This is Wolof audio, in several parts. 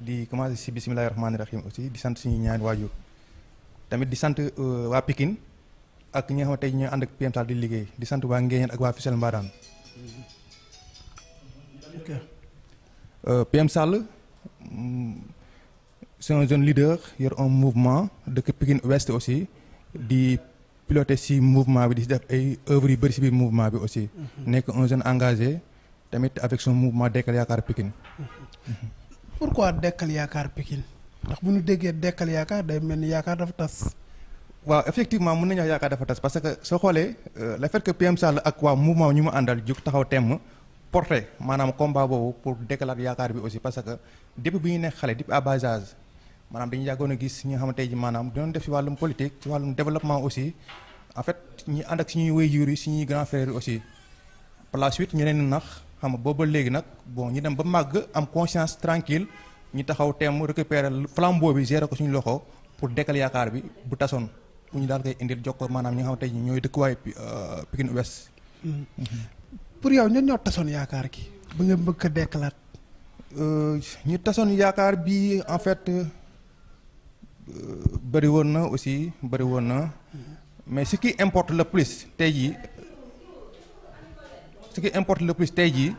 di commencer ci bismillahirrahmanirrahim aussi di sante suñu ñaan waju tamit di sante euh, wa Pikine ak ñi xam tay ne and ak PM Sall di liggey di sante wa Ngéyeen ak wa Fissel Mbaadaan. Euh, PM Sall mm, c'est un jeune leader yor un mouvement de Pikine Ouest aussi di piloter ci mouvement bi di def ay œuvre yu bari ci bi mouvement bi aussi. Mhm. nek un jeune engagé tamit avec son mouvement décalé Dekkal Yaakaar Pikine. Mhm. Mhm. pourquoi dekkal yaakaar Pikine ndax bu ñu déggee dekkal yaakaar day mel ni yaakaar dafa tas. waaw effectivement mën nañu wax yaakaar dafa tas parce que soo xoolee euh, le fait que PM Sall ak waa mouvement ñu mu àndal jug taxaw temm porté maanaam combat boobu pour dekkalaat yaakaar bi aussi parce que depuis bu ñu nekk xale depuis à bas âge maanaam dañu yàggoon a gis ñi nga xamante ji maanaam doon def ci wàllum politique ci wàllum développement aussi en fait ñi ànd ak suñuy wéyjur xam nga booba léegi nag bon ñu dem ba màgg am conscience tranquille ñu taxaw temm récupérer flambeau bi gérer ko suñu loxo pour dekkal yaakaar bi bu tasoon bu ñu daal koy indil jokkoo maanaam ñu nga xam tey ñooy dëkkuwaay euh, Pikine Ouest. Hmm. Mhm. pour yow ñun ñoo tasoon yaakaar gi. ba nga bëgg ko dekkalaat. Euh, ñu tasoon yaakaar bi en fait euh, bëri woon na aussi bëri woon na hmm. mais ce qui importe le plus tey jii ce qui importe le plus tey jii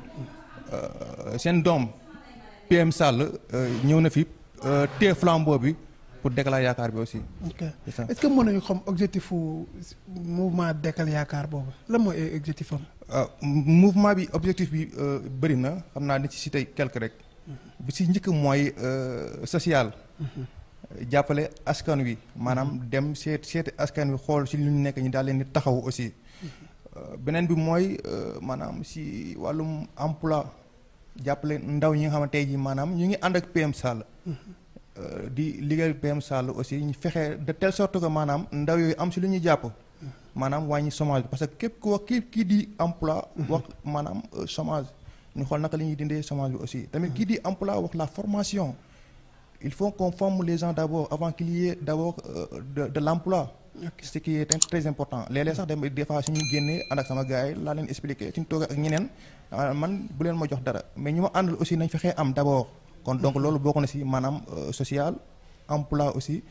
euh, sen dom PM Sall euh, ñëw na fi euh, té flambeau bi pour déclarer yakar bi aussi. ok est-ce que mën nañu xam objectif mouvement Dekkal yakar bobu la mooy objectif am. Ah, mouvement bi objectif bi bari na xamna ni ci cité quelque rek. Mhm. bi si njëkk mooy social. Mhm. jappalé askan wi manam mhm. dem seet seeti askan wi xol ci lu ñu nekk ñu daal leen di taxaw aussi. Euh, benen bi moy euh, manam si un emploi emploi ndaw ñi nga emploi ñu ngi ak PM euh, di aussi ñu de telle sorte que manam ndaw un am lu chômage parce que qui un di emploi wax chômage naka la aussi. tamit ki di emploi la formation il faut qu'on forme les gens d'abord avant qu'il y ait d'abord de l'emploi ce qui est sax dem des fois suñu génnee ànd ak sama gars yi laa leen expliqué suñu toog ak ñeneen man bu leen ma jox dara mais ñu ma àndal aussi nañ fexee am d' abord kon donc loolu bokk na si maanaam euh, social emploi aussi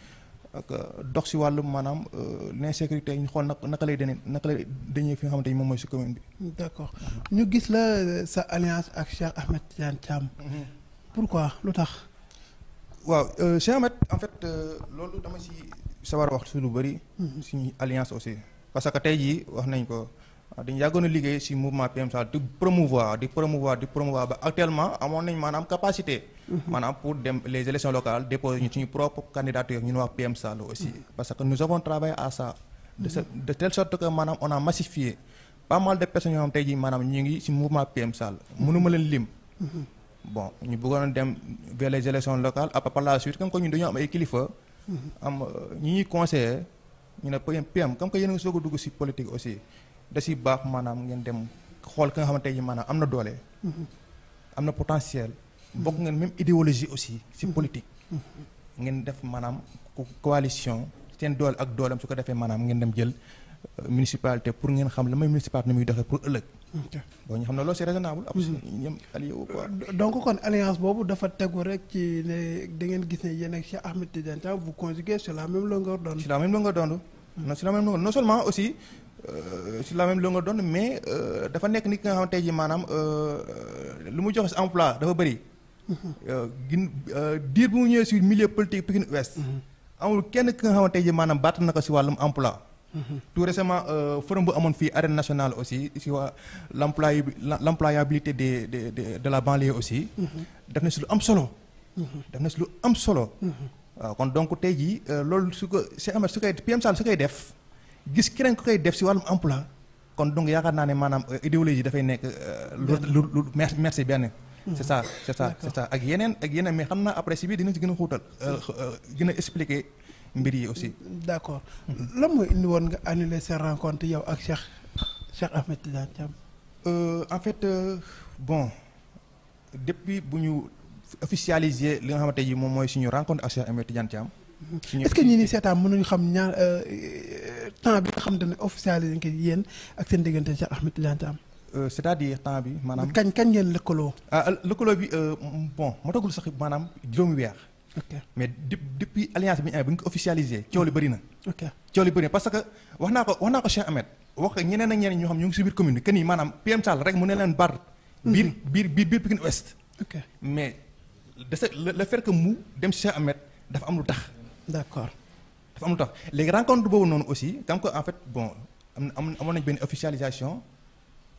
ak euh, dox si wàllu maanaam euh, l'insécurité ñu xool naka lay demee naka lay dañee fi nga xamante ni moom mooy si commune bi d' accord ñu gis la sa alliance ak Cheikh Ahmed Tidiane Thiam mhm. pourquoi lu tax waaw Cheikh Ahmed en fait loolu dama si sawar wax suñu bari bëri. Hmm. suñu alliance aussi parce que tey jii wax nañ ko ah, dañ yàggoon a liggéey si mouvement PMSA di promouvoir di promouvoir di promouvoir ba actuellement amoon nañ manam capacité. Hmm. manam pour dem les élections locales déposer ñu suñu propre candidature ñu wax PMSA la aussi. Hmm. parce que nous avons travaillé à ça. de telle sorte que manam on a massifié pas mal de personnes ñom xam tey jii maanaam ngi ci mouvement PMSA mënu ma leen lim. bon ñu bëggoon dem vers les élections locales après par la kan suite comme ko ñu dañu am ay kilifa. am ñi ñuy conseillé ñu ne PM comme que yéen a ngi soog a dugg si politique aussi da si baax maanaam ngeen dem xool ka nga xamante ne maanaam am na doole. am na potentiel. bokk ngeen même idéologie aussi si politique. ngeen def maanaam coalition seen doole ak dooleem su ko defee maanaam ngeen dem jël euh, municipalité pour ngeen xam la may municipalité ni muy doxee pour ëllëg. boo ñu xam ne loolu c'est raisonnable. am mhm. ñoom allié wu quoi. donc kon alliance boobu dafa tegu rek ci dangeen gis ne yéen ak Cheikh Ahmed Tidiane Thiam vous conjuguez sur la même longueur d'onde. sur la même longueur d'onde. Mhm. non sur la même longueur non seulement aussi euh, sur la même longueur mais euh, dafa nekk ni ki nga xam tey jii maanaam euh, lu mu jox si emploi dafa bëri. Mhm. gin diir bu mu ñëwee si milieu politique Pikine Ouest. amul kenn ki nga xamante ji maanaam baat na ko si wàllum emploi. tout récemment eh, forum bu amoon fii arène nationale aussi si l'employabilité de, de, de de la banlieue aussi. def na si lu am solo. def na lu am solo. waaw ah, kon donc tey jii eh, loolu su ko Cheikh Ahmed su koy def gis keneen ku koy def si wàllum emploi kon donc yaakaar naa ne maanaam eh, idéologie dafay nekk lu lu lu merci benn. Hmm. c'est ça c'est ça c'est ça ak yeneen ak yeneen mais xam naa après si biir dina si gën a xóotal gën a expliquer. mbir yi aussi. d'accord accord lan mooy indi woon nga annuler sa rencontre yow ak Cheikh Cheikh Ahmed Tidiane Thiam. Euh, en fait euh, bon depuis bu ñu officialiser li nga xamante yi moom mooy suñu rencontre ak Cheikh Ahmed Tidiane Thiam. est ce que ñi ni seetaan mënuñu xam ñaar euh, temps bi nga xam ne officialiser nga yéen ak seen diggante Cheikh Ahmed Tidiane Thiam. c' est à dire temps bi maanaam. kañ kañ ngeen lëkkaloo. ah lëkkaloo bi bon ma tagul sax maanaam juróomi weer. mais depuis alliance bi ñu amee bu ñu ko officialisé coow li mm. bëri na. ok parce que wax naa ko wax naa ko Cheikh Ahmed wax ko ñeneen ak ñeneen ñoo xam ñu ngi si biir commune bi que maanaam PM rek mu ne leen bar. Mm-hmm. biir biir biir biir Pikine mais de ce le fait mu dem Cheikh Ahmed dafa am lu tax. d'accord dafa léegi rencontre boobu noonu aussi comme que en fait bon am am amoon nañu benn officialisation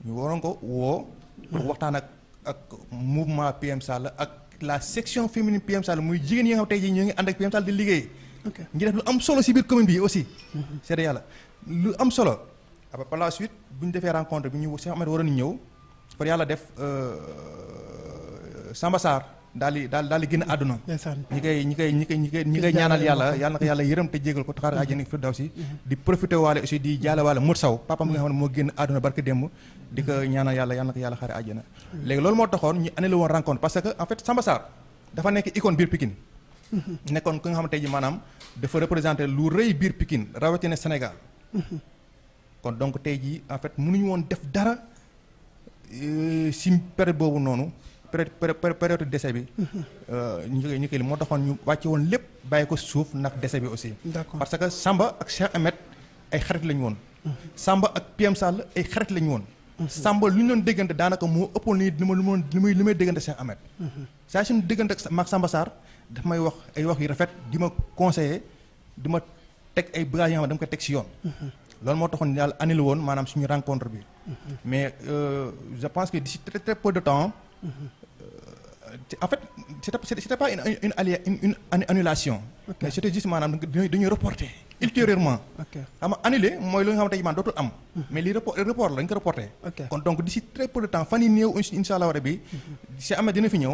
ñu waroon ko woo. Mm. waxtaan ak ak mouvement PM la section féminine PM Sall muy jigéen yi xam tey jii ñoo ngi ànd ak PM Sall di liggéey. ngi def lu am solo si biir commune bi aussi. c'est yàlla lu am solo. après ah par la suite bu ñu defee rencontre bi ñu Cheikh Ahmed waroon ñëw par yàlla def euh, Samba Sarr. daal di daal daal di génn àdduna ñi koy ñi koy ñi koy ñi koy ñi koy ñaanal yàlla yàlla na yàlla yërëm te jégal ko taxaar àjjana firdawsi mhm. Mhm. di profité waale aussi di jaale waale mut saw papam nga xam ne moo génn àdduna barke démb di ko ñaanal mhm. moo taxoon ñu annulé woon rencontre parce que en fait dafa nekk icône biir Pikine nekkoon ku nga xam ne tey ji maanaam dafa représenté lu rëy biir Pikine rawatina Sénégal kon donc tey ji en fait mënuñu woon def dara euh, si période boobu noonu période période décès bi. Euh, ñu ñu kii moo taxoon ñu wàcce woon lépp bàyyi ko suuf ndax décès bi aussi. parce que Samba ak Cheikh Ahmed ay xarit lañu woon. Samba ak PM Sall ay xarit lañu woon. Samba lu ñu doon déggante daanaka moo ëppoon nii li ma li may li déggante Cheikh Ahmed. saa suñu déggante ak maag Samba Sarr may wax ay wax yu rafet di ma conseiller di ma teg ay bagages yoo xam ne dama ko teg si yoon. loolu moo taxoon yàlla annulé woon maanaam suñu rencontre bi. Mhm. mais euh, je pense que d'ici en fait ce n'était pas une annulation. mais c'était juste madame, de nous reporter. ultérieurement. ok annulé lu mhm. mais report report reporter. donc d'ici très peu de temps Inch'Allah, Rabbi, mhm. mhm.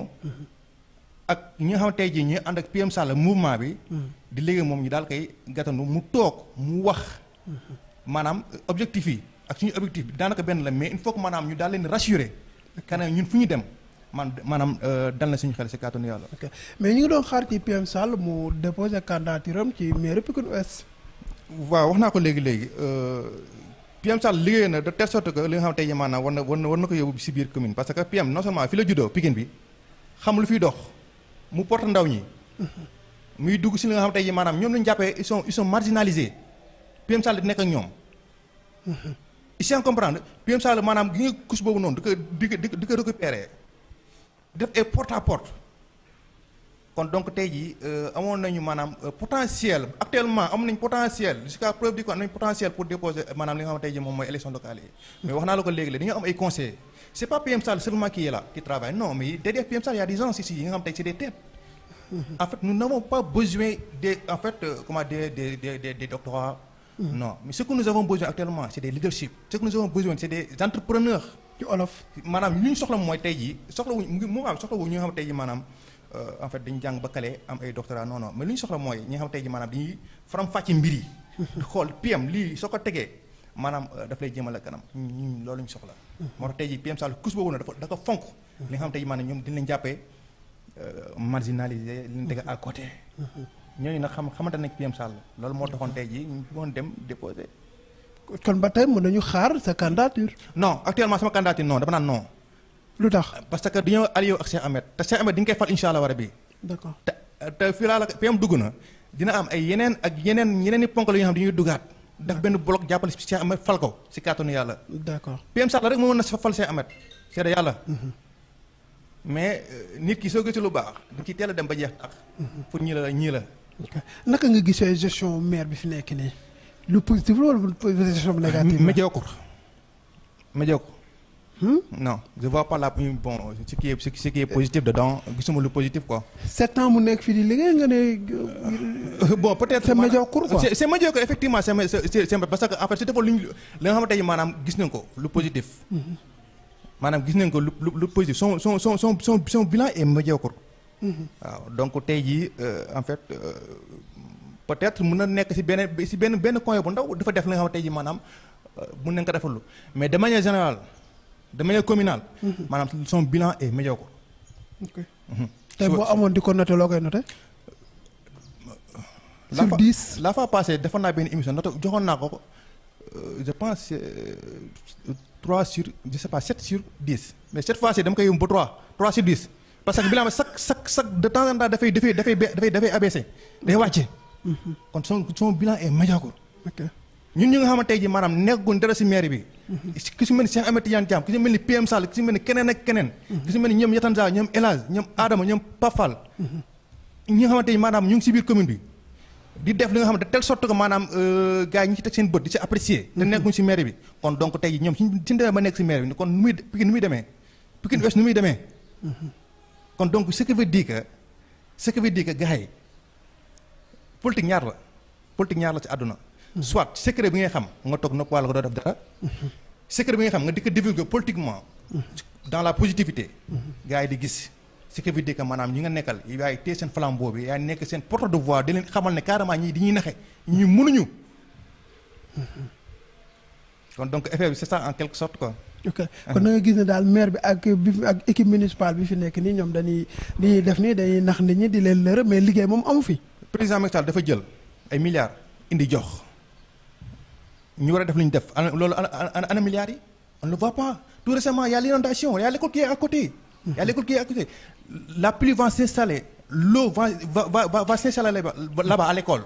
ak xam ak mouvement bi. di mu objectif ak suñu objectif mais il faut que rassurer. fu dem. man maanaam euh, dal na suñu xel si kàttanu yàlla. mais ñu ngi doon xaar ci PM Sall mu déposé candidature ci mairie Pikine Ouest. waaw wax naa ko léegi léegi euh, PM Sall liggéey na de telle sorte que li nga xam tey jii maanaam war na war na war na ko yóbbu si biir commune parce que PM non seulement fi la juddoo Pikine bi xam lu fiy dox mu porte ndaw ñi. Mhm. muy dugg si li nga xam tey jii maanaam ñoom lañu jàppee ils sont ils sont marginalisés PM Sall ak ñoom. Mhm. il faut comprendre PM maanaam gi nga couche boobu noonu di ko di ko di def porte à porte donc tey euh, on a nañu euh, potentiel actuellement on a un potentiel jusqu'à preuve du a am potentiel pour déposer euh, manam li nga xam tey jii élection locale mais on a la ko léegi la am ay c'est pas PM Sall seulement qui est là qui travaille non mais derrière PM Sall y a des gens ici c'est des têtes en fait nous n'avons pas besoin des en fait comment des des des des doctorats mm-hmm. non mais ce que nous avons besoin actuellement c'est des leaderships ce que nous avons besoin c'est des entrepreneurs ci olof maanaam li ñu soxla mooy tey jii soxla wuñ mu ngi mu am soxla wuñ ñu nga xam tey jii maanaam euh, en fait dañu jàng ba kale am ay doctorat non non li ñu mooy ñi nga xam tey jii maanaam dañuy faram-fàcce mbir yi. xool PM lii soo ko tegee maanaam euh, daf lay jëmale kanam ñu loolu ñu soxla. Hmm. moo tax tey jii PM Sall kus boobu nag dafa dafa fonk. li nga xam tey jii maanaam ñoom dañu leen jàppee euh, marginalisé li ñu teg à hmm. ñooñu nag xam xamante ne PM Sall loolu moo taxoon tey jii ñu doon dem déposé kon ba tay mën nañu xaar sa candidature. non actuellement sama candidature non dama nan non. lu tax parce que dañu aliyo ak Cheikh Ahmed te Cheikh Ahmed di nga koy fal inshallah warabi d'accord te fi la laa la PM dugg na dina am ay yenen ak yenen yeneni ponk lu ñu xam dañuy dugaat. daf benn bloc jappal ci Cheikh Ahmed fal ko si kàttanu yàlla. d'accord PM Sall rek mo mën na fal Cheikh Ahmed. cheikh seede yalla mhm. mais euh, nit ki so gëti lu baax. du ci téla dem ba jeex tax. fu mhm. ñi la ñi la. naka nga gisee gestion maire bi fi nekk ni Le positif la wala position bu ah, négative médiocre médiocre Hmm? non je vois pas la bon ce qui est ce qui est positif dedans gisuma le positif quoi. sept ans mu nekk di liggéey nga euh, bon peut être. C'est médiocre quoi C'est médiocre effectivement C'est parce que en fait c' est lu ñu li nga xamante ne maanaam gis positif. maanaam gis nañ ko le, mm-hmm. lu positif son son son son son bilan est médiocre. Mm-hmm. waaw donc tey jii euh, en fait. Euh, peut être mën na nekk si benn si benn benn coin bu ndaw dafa def li nga xam tey ji maanaam euh, mën nañ ko defalu mais de manière générale de manière communale mhm. maanaam son bilan est médiocre mhm. tey boo amoon di ko noté loo koy noté euh, la fa la fa passé defoon naa benn émission noté joxoon naa ko euh, je pense trois sur je sais pas sept sur dix mais cette fois ci dama koy yóbbu ba trois trois sur dix parce que bilan chaque chaque chaque de temps en temps dafay dafay dafay dafay dafay abaissé day wàcce kon son son bilan est médiocre. ñun ñu nga xam xamante tey ji maanaam nekkuñ dara si mairie bi ki si mel ni Cheikh Ahmed Tidiane Thiam ki si mel ni PM Sall ki si mel ni keneen ak keneen ki si mel ni ñoom Yatanza ñoom El Hadj ñoom Adama ñoom Pafal ñi nga xamante ni maanaam ñu ngi si biir commune bi di def li nga xam ne de telle sorte que maanaam euh, gars ñu ci teg seen bët di si apprécier te nekkuñ si mairie bi kon donc tey ji ñoom suñ suñu demee ba nekk si mairie bi kon nu mhm. kon donc ce yi politique ñaar la politique ñaar la ci aduna soit secret bi ngay xam nga tok nopp wàll do def dara. secret bi nga xam nga di ko divulguer politiquement. dans la positivité. gars yi di gis. que bi di ko maanaam ñi nga nekkal yaay téye seen flambeau bi yaay nekk sen porte de voix di leen xamal ne carrément ñi di ñi naxe ñi mënuñu. kon donc effet bi c'est ça en quelque sorte quoi. ok kon nga gis ne dal maire bi ak bi ak équipe municipale bi fi nekk ni ñom dañuy dañuy def ni dañuy nax nit ñi di leen lëre mais liggéey mom amu fi président Macky Sall dafa jël ay milliards indi jox ñu war a def lu ñu def ana loolu ana ana milliards yi on ne le voit pas tout récemment y a l'inondation y a l'école qui est à côté. y a l'école qui est à côté la pluie va s'installer l'eau va va va va s'installer là-bas à l'école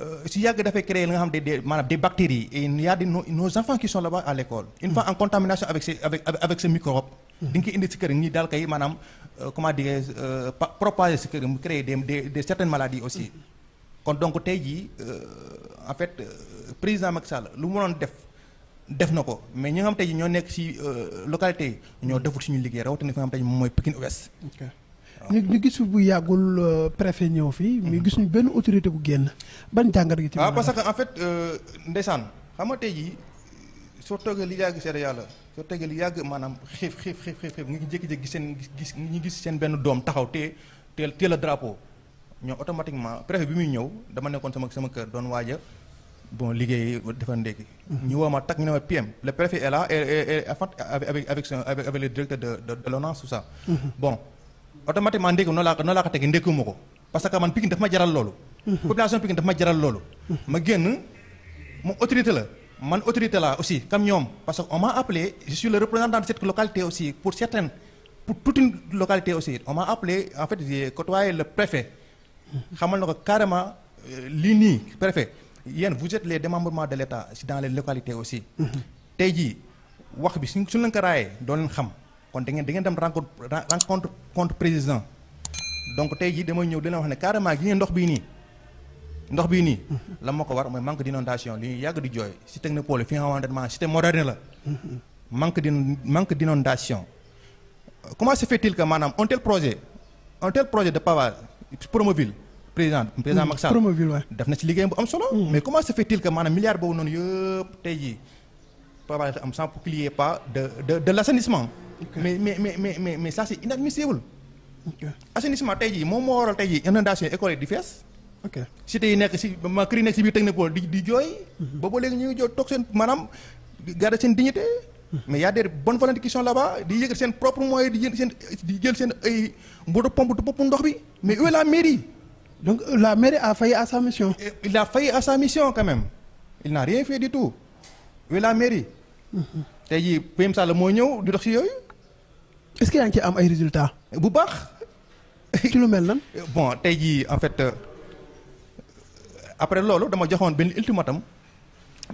euh, si yàgg dafay créer nga xam des des maanaam des bactéries et il y a des nos enfants qui sont là-bas à l'école une fois en contamination avec ces avec avec ces microbes. di nga indi si kër ñi daal kay maanaam. Euh, comment dirais je euh, propager si kër mu créer des des certaines maladies aussi. kon donc tey jii euh, en fait président Macky Sall lu mu mënoon def def na ko mais ñi nga xam tey ji ñoo nekk si localité yi ñoo deful suñu liggéey rawatina fi nga xam tey moom mooy Pikine Ouest. ñu ñu gis bu yàggul préfet ñëw fii. mais mhm. gisuñu benn autorité bu génn ban jàngat gi. ci waaw parce que en fait ndeysaan xam tey jii. soo toogee li yàgg seere yàlla soo toogee li yàgg maanaam xiif xiif xiif xiif xiif ngi jékki-jékki seen gis ñu gis seen benn doom taxaw té té teel a drapeau ñoo automatiquement préfet bi muy ñëw dama nekkoon sama sama kër don waja bon liggéey dafa ndékki mhm. ñu woma tak ñu ne PM le préfet est là et en fait avec avec avec le directeur de de l'ONAS tout ça mhm. bon automatiquement ndékki no la no la ko tegi ndékkiwuma ko parce que man Pikine dafa ma jaral lolu mhm. population Pikine dafa ma jaral lolu ma génn moom autorité la man autorité là aussi comme ñom parce que on m'a appelé je suis le représentant de cette localité aussi pour certaines pour toute une localité aussi on m'a appelé en fait j'ai côtoyé le préfet xamal nako carrément euh, lii préfet yéen vous êtes les démembrements de l'État dans les localités aussi tay ji wax bi suñ suñ leen ko raayee doo leen xam kon da ngeen da ngeen dem rencontre rencontre contre président donc tay ji dama ñëw faire wax ne carrément gi ndox bi ni ndox bi ni la mako war mooy manque d'inondation li yag yàgg di jooy si technopole fi nga cité moderne la manque di manque d'inondation comment se fait-il que madame un tel projet un tel projet de pavage Promoville président président Macky Sall Promoville waay def na ci liggéeyam bu am solo mm. mais comment se fait-il que madame milliard boobu non yëpp tey jii pavage am sans pour qu'il y ait pas de de de l'assainissement mais mais mais mais mais ça c'est inadmissible assainissement tey mo mo waral inondation école de di ok cité yi nekk si ma kër yi nekk si biir technopole di di jooy. Mhm. boobu léegi ñu ngi jooy toog seen maanaam garder seen dignité. Mhm. mais y a des bonnes volontés qui sont là-bas di yëgal seen propre moyen di jël seen di jël seen du pompe ndox bi mais où est la mairie. donc la mairie a failli à sa mission. il a failli à sa mission quand même il n'a rien fait du tout où la mairie. Mhm. tey ji PM Sall moo ñëw di dox si yooyu. est yaa ngi ci am ay résultats. bu baax. ci lu mel nan. bon tey jii en fait. Euh, après loolu dama joxoon benn ultimatum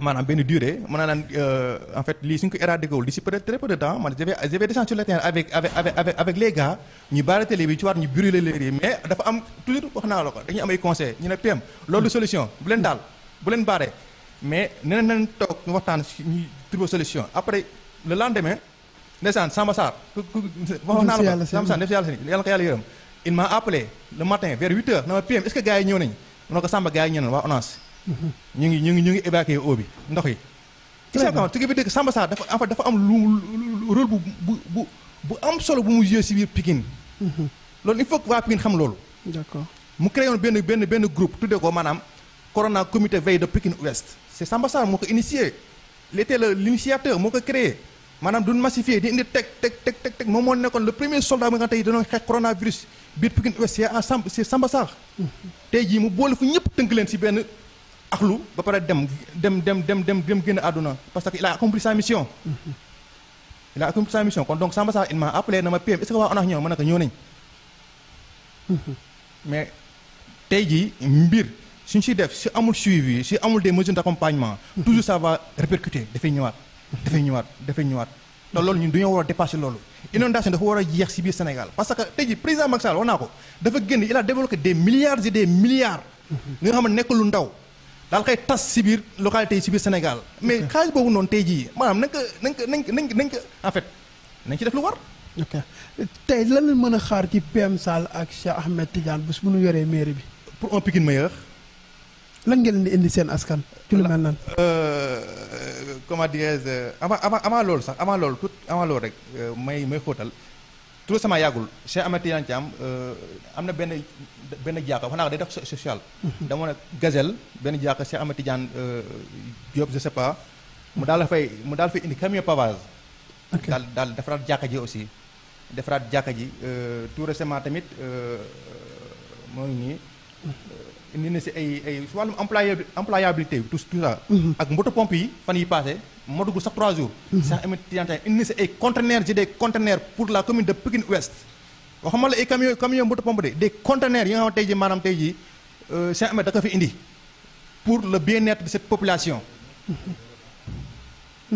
maanaam benn durée euh, en fait lii suñ ko de d'ici peut-être très peu de temps man avec avec avec avec les gars ñu télé bi ci ñu brûler mais dafa am toujours am PM loolu solution bu leen bu mais ñu ñu solution après le lendemain ndeysaan il m'a appelé le matin vers 8 h na est-ce gars mu ne ko Samba gars yi ñu ne waa ONAS ñu ngi ñu ngi ñu ngi évacuer eau bi ndox yi ci sàmm ci Samba Sarr dafa en fait dafa am lu rôle bu bu bu bu am solo bu mu joué si biir Pikine loolu il faut que waa Pikine xam loolu d'accord mu créé woon benn benn benn groupe tuddee ko maanaam Corona comité veille de Pikine Ouest c'est Samba moo ko initié il la l'initiateur moo ko créé maanaam duñ massifier di indi teg teg teg teg teg moom moo nekkoon le premier soldat bi nga xam tey dañoo xeex coronavirus bir Pikine Ouest c'est à Samb c'est sambassar Sarr tey jii mu boole fu ñëpp tënk leen ci ben akhlu ba pare dem dem dem dem dem dem génn àdduna parce que il a accompli sa mission il a accompli sa mission donc sambassar il m'a appelé na ma PM est ce que waa ONAS ñëw ma ne ko nañ mais tey jii mbir suñ ci def si amul suivi si amul des mesures d'accompagnement toujours ça va répercuter dafay ñëwaat dafay ñëwaat dafay ñëwaat te loolu ñun dañoo war a dépasser loolu inondation dafa war a jeex ci Sénégal parce que tey jii président Macky Sall wax naa ko dafa génn il a développé des milliards et des milliards li mhm. nga xam ne nekk lu ndaw daal koy tas ci biir localité yi ci biir Sénégal mais xaalis boobu noonu tey jii maanaam nañ ko nañ ko nañ ko nañ ko nañ ko en fait nañ ci def lu war ok tey lan lañ mën a xaar ci PM Sall ak Cheikh Ahmed Tidiane bés bu ñu yoree mairie bi pour un Pikine meilleur lan ngeen di indi seen askan ci lu mel nan comment dirais-je avant avant avant sax avant loolu tout avant loolu rek euh, may may xóotal tout sama yàggul Cheikh Ahmed Tidiane Thiam euh, am na benn benn jaaka wax naa ko day def social. Mhm. dama ne gazelle benn jaaka see Ahmed Tidiane euh, Diop je mu daal fay mu daal fay indi camion pavage. daal daal defaraat jàkka ji aussi. defaraat jàkka ji tout récemment tamit moo nii. Mhm. indi na si ay ay si wàllum employabilité tout tout ça. Mhm. ak moto pompe yi fan yi paase motugul sax 3 jours. sax amit tiyantaan indi na si ay conteneurs ji des conteneurs pour la commune de Pikine Ouest. waxuma la ay camions camions moto pompe de des conteneurs yi nga xam tey jii maanaam tey jii sax euh, amit da ko fi indi pour le bien-être de cette population. Mhm.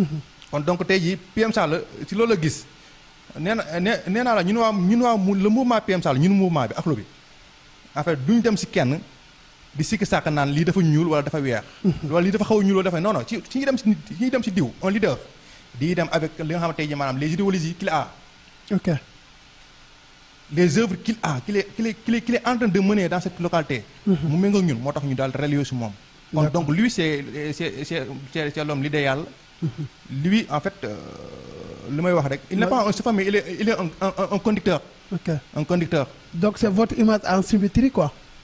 Mhm. kon donc tey jii PM Sall si loolu la gis nee na nee naa la ñun waa ñun waa le mouvement PM Sall ñun mouvement bi ak bi en fait duñ dem si kenn di sikki sàkk naan lii dafa ñuul wala dafa weex wala lii dafa xaw ñuul wala dafa non non ci ci ñuy dem ci ñuy dem ci diw un leader di dem avec li nga xamante ne maanaam les idéologies qu'il a ok les œuvres qu'il a qu'il est qu'il est qu'il est qu'il est en train de mener dans cette localité mhm. mu méngoo ñun moo tax ñu daal relier su moom kon donc lui c'est c'est c'est c'est l'homme l'idéal mhm. lui en fait euh, li may wax rek il n'est pas un chauffeur mais il est il est un un conducteur ok un conducteur donc c'est votre image en symétrie quoi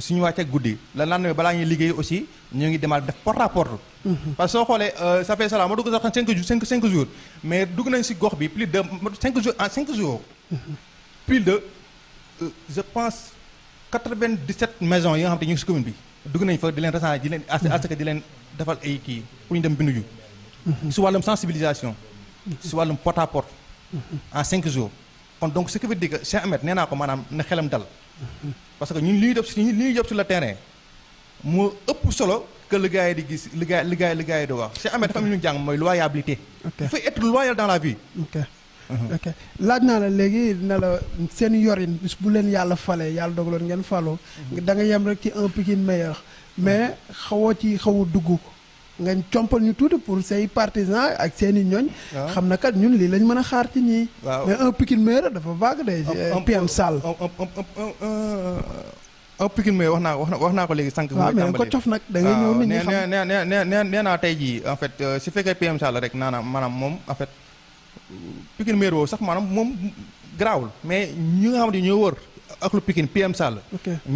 suñu wàcceeg guddi la lendemain balaa ñuy liggéey aussi ñoo ngi demaat def porte à porte mhm. parce que soo xoolee sa euh, fait ça ma dugg sax cinq cinq mais dugg nañ si gox bi plus de cinq jours en ah, mhm. de euh, je pense quatre-vingt-dix-sept maisons yi nga xam te ñu si commune bi dugg nañ fa di leen recensé di leen asaka mhm. di leen kii ñu dem bindu ju si wàllum sensibilisation si wàllum porte à porte en kon donc ce qui nee naa ko maanaam na xelam dal parce que ñun li ñuy def li ñuy def sur le terrain moo ëpp solo que li yi di gis li gars li yi di wax Cheikh Ahmed dafa am lu ñu jàng mooy loyabilité. ok il faut être loyal dans la vie. Mhm. ok laaj naa la léegi ne la seen yorin bis bu leen yàlla fale yàlla dogaloon ngeen faloo. Mhm. da nga yem rek ci un Pikine meilleur. mais xawoo ci xaw a dugg ko. nga compal ñu tuuti pour say partisans ak seeni i ñoñ. Ah. xam na kat ñun lii lañ mën a xaar ci ñii. mais un Pikine meilleur dafa vague de. Euh, PM Sall un Pikine wax naa wax na wax naa ko léegi sànq. waaw mais nag da ngay ñëw nit ah, tey jii en fait euh, su fekkee PM Sall rek naanaam maanaam moom en fait Pikine meilleur sax maanaam moom garaawul mais ñi xam ne ñoo wër. ak lu Sall.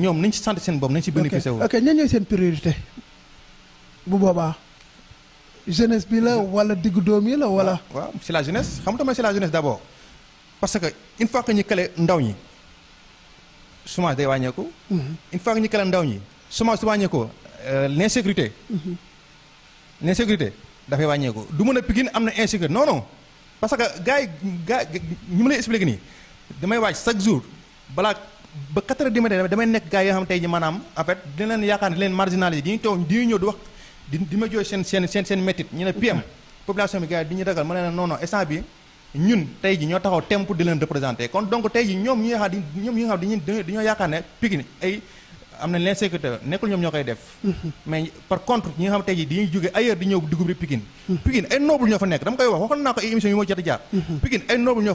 ñoom nañ ci sant seen bopp nañ ci bénéficié wu. ok ñan ñooy seen priorité bu boobaa. jeunesse bi la wala diggu doom yi la wala. waaw c'est la jeunesse xam nga tamit c'est la jeunesse d'abord parce que une que ñu kale ndaw ñi chômage day wàññeeku. Mhm. une fois que ñu kale ndaw ñi chômage su wàññeekoo euh, l'insécurité. Mhm. l'insécurité dafay wàññeeku du mën a Pikine am na insécurité non non parce que gars yi gars ñu ma lay expliquer nii damay waaj chaque jour balaa ba 4 heures du matin damay nekk gars yi nga xam tey ji maanaam en fait dina leen yaakaar ne leen marginalisé di ñu toog di ñu ñëw di wax. di di ma jooy seen seen seen seen ne PM population bi gars yi di ñu ragal ma la non non instant bi ñun tey ji ñoo taxaw thème pour di leen représenté kon donc ñoom ñi nga xam di ñoom ñoo koy def mhm. mais ñi nga xam tey ji dañuy jóge ailleurs di ñëw mhm.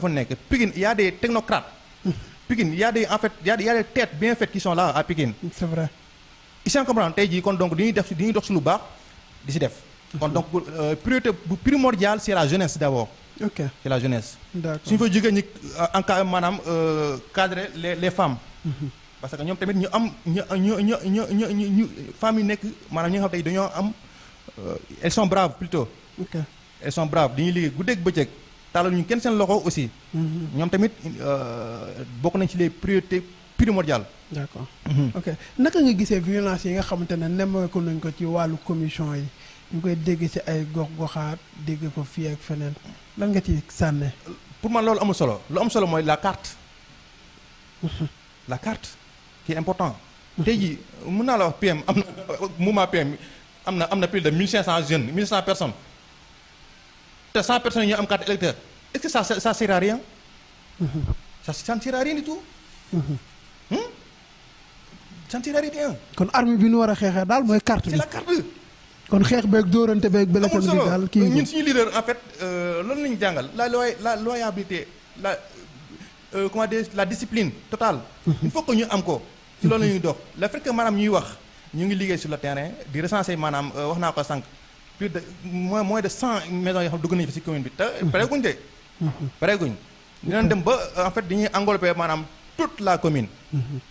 mhm. y a des technocrates Pikine y a des en fait y a dox si lu baax di si def. kon donc euh, priorité bu primordiale c'est la jeunesse d'abord. ok c'est la jeunesse. d'accord su ñu fa jógee ñi euh, encadré maanaam euh, cadrer les les femmes. Mhm. parce que ñoom tamit ñu am ñu ñu ñu ñu ñu ñu femmes yi nekk maanaam ñi nga xam tey dañoo am elles sont braves plutôt. ok elles sont braves dañuy liggéey guddeeg bëccëg. taalal ñu kenn seen loxo aussi. Mhm. ñoom tamit bokk nañ ci les priorités. primordial. d'accord mhm. ok naka nga gisee violence yi nga xamante ne nemmeeku nañ ko ci wàllu commission yi ñu koy dégg ci ay gox goxaat dégg ko fii ak feneen lan nga ci sànne pour man loolu amul solo lu am solo mooy la carte mhm. la carte qui important mhm. tey jii mën naa la wax PM am na mouvement PM am na am na plus de mille cinq cent jeunes mille cent personne te cent personnes yi ñoo am carte électeur est-ce que ça ça sert à rien ça ça ne sert j'en tirerai kon arme bi ñu war a xeexee daal mooy carte la carte. kon xeex beeg dóorante beeg. amul solo daal kii ñun suñu leader en fait loolu euh, la ñu jàngal la loy la loyabilité la euh, comment dire la discipline total mhm. il faut ñu am ko. ci loolu la ñuy dox le fait maanaam ñuy wax ñu ngi liggéey sur le terrain di recenser maanaam euh, wax naa ko sànq plus de moins de cent maisons yoo xam dugg nañu fi ci commune bi te mhm. pareeguñ de. Mhm. pareeguñ dinañ dem ba en fait dañuy englober maanaam. toute la commune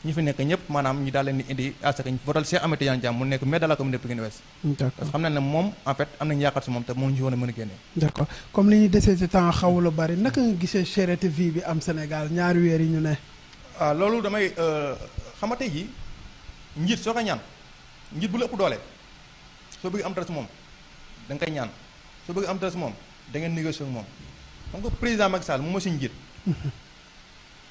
ñi fi nekk ñëpp maanaam ñu daal leen di indi asaka ñu votal Cheikh Ahmed Tidiane Thiam mu nekk maire de la commune de pigne west parce que xam nañ ne moom en fait am nañu yaakaar si moom te mënuñu ñu woon mëna mën a génne d' accord comme li ñu desee ci temps lu bari naka nga gisee cherté vie bi am Sénégal ñaari weer yi ñu ne ah loolu damay euh, xamate ji njiit soo ko ñaan njiit bu la ëpp doole soo bëgg am dara si moom da nga koy ñaan soo bëgg am dara si moom da ngeen négocier ak moom xam nga président Macky Sall moom mooy suñu njiit mhm.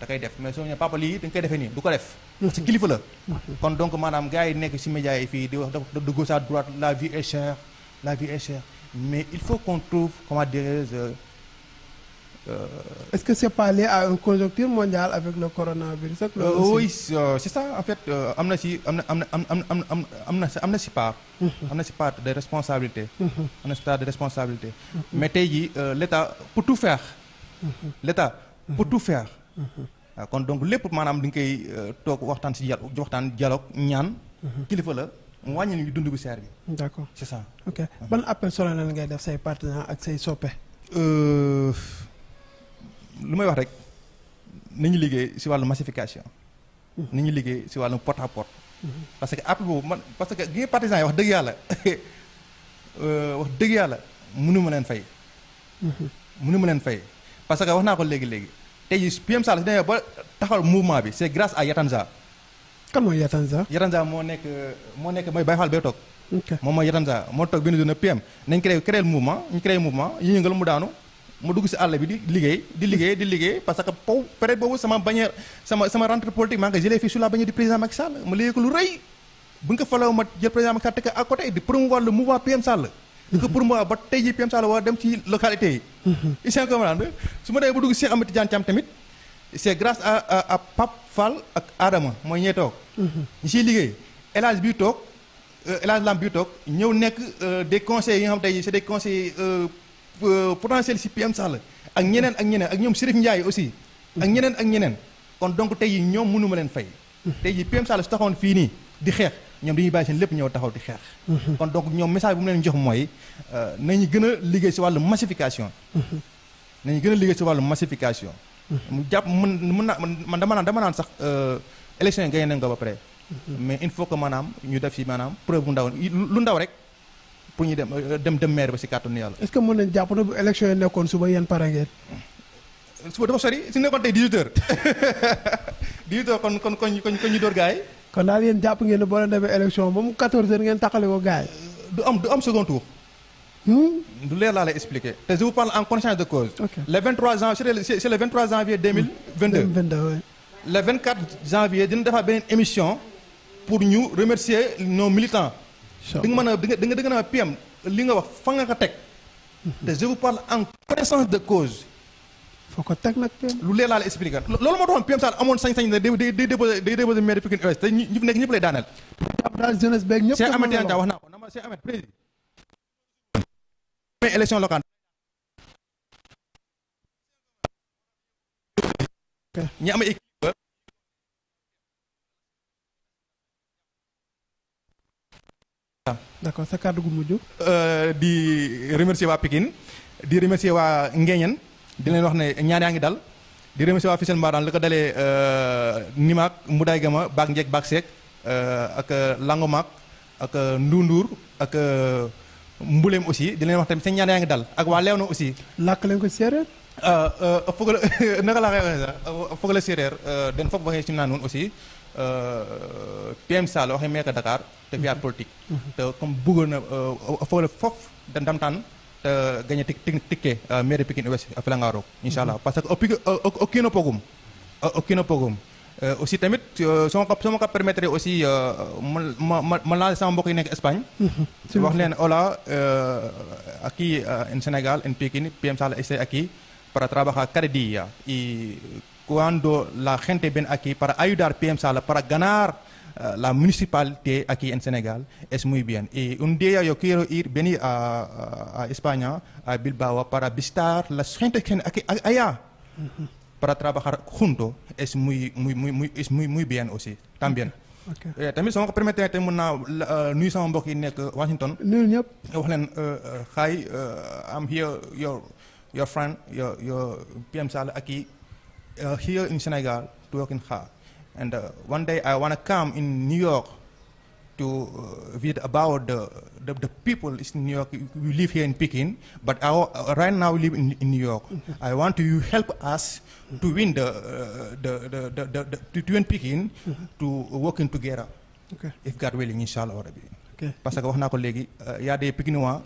da def mais soo ñëwee papa lii dañ koy defee nii du ko def. faut. kilifa la. donc madame, gars nekk si médias yi fii di de gauche à droite la vie est chère mais il faut qu'on trouve comment dire, euh, Est-ce que c'est pas lié à une conjoncture mondiale avec le coronavirus euh, Oui, euh, c'est ça. En fait, amnesty amnesty part. de mm-hmm. part des responsabilités. Mm-hmm. part des responsabilités. Mm-hmm. Mais l'État, pour tout faire, l'État, pour tout faire, waaw kon donc lépp maanaam dañ koy euh, toog waxtaan si dialogue waxtaan dialogue ñaan. Mhm. kilifa la mu wàññi ñu dund bu seer bi. d' accord c' est ça. ok ban appel solennel ngay def say partenaires ak say soppe. Euh, lu may wax rek nañu liggéey si wàllu massification. Mhm. nañu liggéey si wàllu porte à mhm. parce que appel boobu man parce que gi partisans yi wax dëgg yàlla euh, wax dëgg yàlla mënu ma leen fay. mënu ma leen fay parce que wax naa ko léegi léegi. tey jii PM Sall si demee ba taxawal mouvement bi c'est grâce à Yatanza. kan mooy Yatanza. Yatanza moo nekk moo nekk mooy Baye Fall bee toog. moom mooy Yatanza moo toog benn zone PM nañ créé créé mouvement ñu créé mouvement yëngal mu daanu mu dugg si àll bi di liggéey di liggéey di liggéey parce que pow période boobu sama bannière sama sama rentrée politique maa ngi jëlee fii sur la bannière du président Macky Sall ma liggéey ko lu rëy bu ñu ko ma jël que pour moi ba tey jii PM Sall war dem ci localité yi. Mhm. is nga comprendre su ma demee ba dugg Cheikh Amadou Tidiane Thiam tamit c'est grâce à à Pap Fall ak Adama moy ñee toog. Mhm. ñu ci liggéey Elage bi tok toog euh, El Hadj Lam bii toog ñëw nekk euh, des conseils yi nga xam tey c' des conseils euh, euh, potentiels ci PM Sall ak ñeneen ak ñeneen ak ñom Chérif Ndiaye aussi. ak ñeneen ak ñeneen kon donc tey ñom ñoom mënuma len fay. Mhm. tey jii PM Sall su taxoon fii di xeex. ñom dañuy bàyyi seen lepp ñew taxaw di xex mhm. kon donc ñom message bu mu leen jox moy euh, nañu gëna liggéey ci walu massification mhm. nañu gëna liggéey ci walu massification mhm. mu japp mën mën man dama nan dama nan sax euh élection gagné nañ ko ba près mais il faut que manam ñu def ci manam preuve bu ndaw lu ndaw rek pour ñu dem euh, dem dem maire ba ci carton yalla est ce que mën nañ japp na bu élection yi suba yeen pare suba dama sori ci nekkoon tay 18 h 18 h kon kon kon kon ñu door gaay kon daal yéen jàpp ngeen ne boo leen demee élection ba mu 14 heures ngeen taxale ko gars yi. du am du am second tour. Hmm? du leer laa lay expliquer. te je vous parle en conscience de cause. le 23 janvier c'est le 23 janvier 2022. 2022 oui. le 24 janvier dina defaat beneen émission pour ñu remercier nos militants. di nga mën a di nga di nga PM li nga wax fa nga ko teg. Hmm. te je vous parle en connaissance de cause. foko tek nak pem lu leelal expliquer lolou mo doon pem sa amone sañ sañ day day déposer day déposer maire pikine ouest te ñi nek ñep lay danal dal jeunesse bek ñep cheikh amadou ko nama cheikh amadou président mais élection locale ñi am équipe d'accord sa cadre gu mujju euh di remercier wa pikine di remercier wa ngéñane di leen wax ne ñaar yaa ngi dal di remercier waa Fissel Mbaran li ko dalee euh, Nimaak Mbudaay Gama Baak Njeeg Baak Seek euh, ak euh, Langomaak ak Ndundur ak Mbulem aussi di leen wax tamit seen ñaar yaa ngi dal ak waa Leewna aussi. làkk leen ko séeréer. foog la naka la koy waxee sax foog la séeréer den foog waxee ci naan woon aussi PM Sall waxee meeka Dakar te viar politique. Mm-hmm. te comme bëggoon na foog la fof tam ndamtaan uh, tik ticket uh, mairie Pikine Ouest afla felanga roog parce que o aucun pogum o kiin pogum aussi tamit sama ka permettre aussi ma mon sama mbokk yi Espagne wax len hola aki en Sénégal en PM piemsala estoy aki para trabaja cada ya. y cuando la gente ven aquí para ayudar piemsala para ganar Eh, la municipalidad aquí en Senegal es muy bien. Y un día yo quiero ir, venir a, a España, a Bilbao, para visitar las gente que aquí, allá, para trabajar junto Es muy, muy, muy, muy, es muy, muy bien aussi, también. tamit soo ma ko permettre te mën naa nuyu Washington. nuyu Hola, wax hi eh, I'm here your your friend your your PM Sal ak eh, here in Senegal to work in Kha. And uh, one day I want to come in New York to uh, read about the, the, the people in New York. We live here in Peking, but our, uh, right now we live in, in New York. Mm -hmm. I want you help us to win the, uh, the, the, the, the, the, to win Peking, mm -hmm. to working together. Okay. If God willing, inshallah. Rabbi. Okay. parce que wax naa ko léegi y a des Pikinois.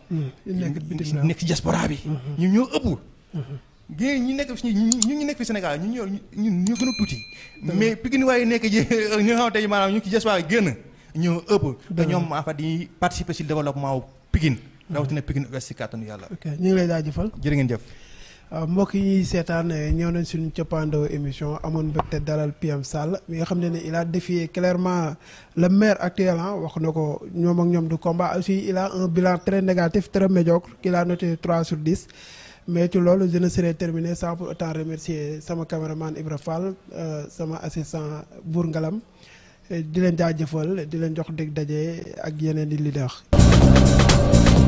nekk nekk diaspora bi. ñu ñoo ëpp. géej ñi nekk fi ñu ñu nekk Sénégal ñu ñoo ñu ñu gën a tuuti. mais Pikine waaye nekk ji ñu xam tey maanaam ñu ci des waa génn ñoo ëpp. da ñoom en di participer si développement wu Pikine. rawatina Pikine Ouest si kàttanu yàlla. ok ñu ngi lay jaajëfal. jërë ngeen euh, yi seetaan eh, ñëw nañ suñu coppaandoo émission amoon mbégte dalal PM Sall nga xam ne ne il a défié clairement le maire actuel wax na ko ñoom ak ñoom du combat aussi il a un bilan très négatif très médiocre qu'il a noté 3 sur 10. mais ci loolu je ne serai terminé sans pour autant remercier sama caméraman Ibra Fall euh, sama assistant Bour Ngalam di leen jaajëfal di leen jox dégg daje ak yeneen i leader